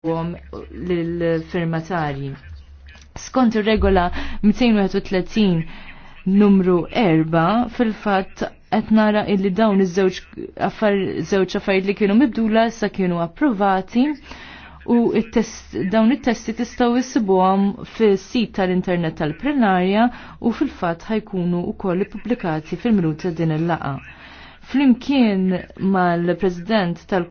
għom l-firmatari. Skont regola 231 numru 4 fil-fat qed nara illi dawn iż-żewġ affar żewġ affarijiet li kienu mibdula sa kienu approvati u dawn it-testi tistgħu issibuhom fis-sit tal-internet tal-plenarja u fil-fatt ħajkunu wkoll ippubblikati fil minuta din il-laqa. Flimkien mal-President tal